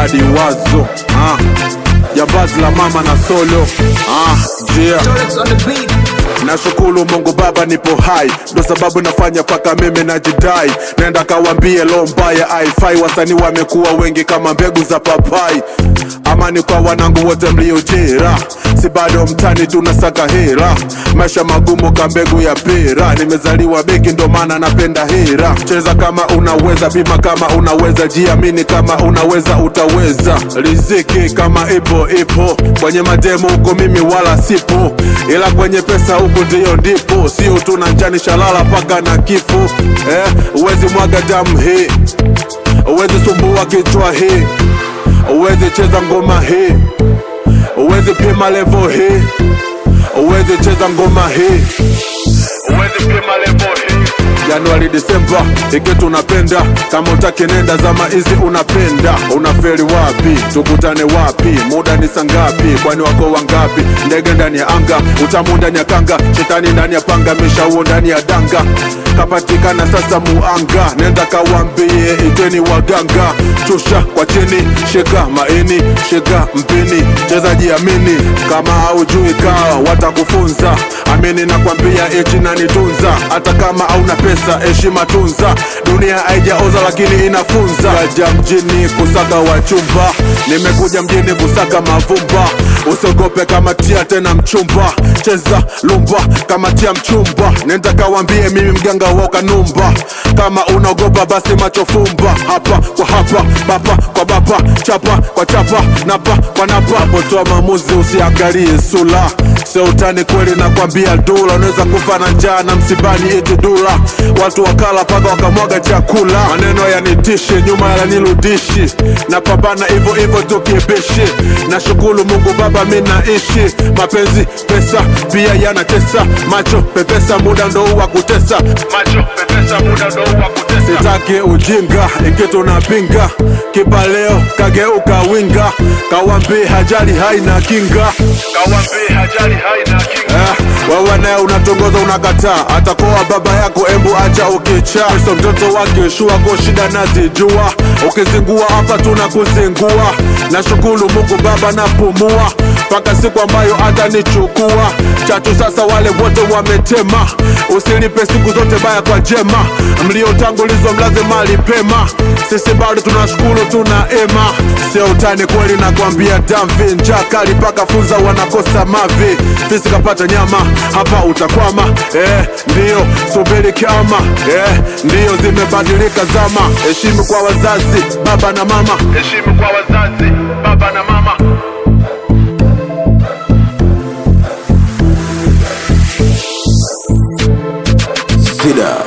hadi wazo ah, jambazi la mama na solo ah, yeah. Nashukuru Mungu Baba nipo hai, ndo sababu nafanya paka mimi najidai. Nenda kawambie lo mbaya haifai, wasanii wamekuwa wengi kama mbegu za papai Amani kwa wanangu wote mliojera, si bado mtani tunasaka hira Maisha magumu ka mbegu ya pera, nimezaliwa beki ndo napenda hira Cheza kama unaweza, pima kama unaweza, jiamini kama unaweza, utaweza. Riziki kama ipo ipo, kwenye mademu huko mimi wala sipo, ila kwenye pesa huko ndiyo ndipo. Sio tuna njani shalala paka na kifu eh, uwezi mwaga damu hii, uwezi sumbua kichwa hii uwezi cheza ngoma hii, uwezi pima level hii, uwezi cheza ngoma hii, uwezi pima Januari, Disemba, ike tunapenda. Kama utake nenda zama hizi unapenda. Unaferi wapi? Tukutane wapi? Muda ni sangapi? Kwani wako wangapi? Ndege ndani ya anga, utamu ndani ya kanga, shetani ndani ya panga, mishauo ndani ya danga kapatikana sasa muanga, nenda kawambie, iteni waganga. Chusha kwa chini, shika maini, shika mpini, cheza jiamini. Kama haujui kaa, watakufunza. Amini na kwambia ichi nanitunza, hata kama hauna pesa pesa, heshima tunza, dunia haijaoza lakini inafunza. Kaja mjini kusaka wachumba, nimekuja mjini kusaka mavumba. Usiogope kama tia tena mchumba, cheza lumba kama tia mchumba. Nenda mimi mganga wa ukanumba, kama unaogopa basi machofumba Hapa kwa hapa, bapa kwa bapa, chapa kwa chapa, napa kwa napa. Potoa maamuzi usiangalie sula sio utani kweli, nakwambia dula, unaweza kufa na njaa na msibani yetu dula. Watu wakala paka wakamwaga chakula, maneno yanitishi, nyuma yananirudishi, napambana hivyo hivyo tukibishi, na shukuru Mungu Baba mi naishi, mapenzi pesa pia yanatesa, macho pepesa, muda ndo wa kutesa, macho pepesa, muda ndo wa kutesa, sitaki ujinga ikitu napinga kibale Kawambe hajali haina kinga, kawambe hajali kinga. Eh, wewe naye unatongoza unakataa, atakoa baba yako, embu acha ukicha. Kristo mtoto wake shua ko shida nazijua, ukizingua hapa tuna kuzingua. Nashukuru Mungu Baba napumua mpaka siku ambayo atanichukua. Chachu sasa wale wote wametema, usilipe siku zote baya kwa jema, mliotangulizwa mlaze mali pema, sisi bado tunashukuru, tuna ema, sio utani kweli na kuambia damvi, njaa mpaka funza wanakosa mavi, fisi kapata nyama hapa utakwama, eh, ndio subiri kama, eh, ndio zimebadilika zama, eshimu kwa wazazi baba na mama, heshimu kwa wazazi baba na mama. tidak.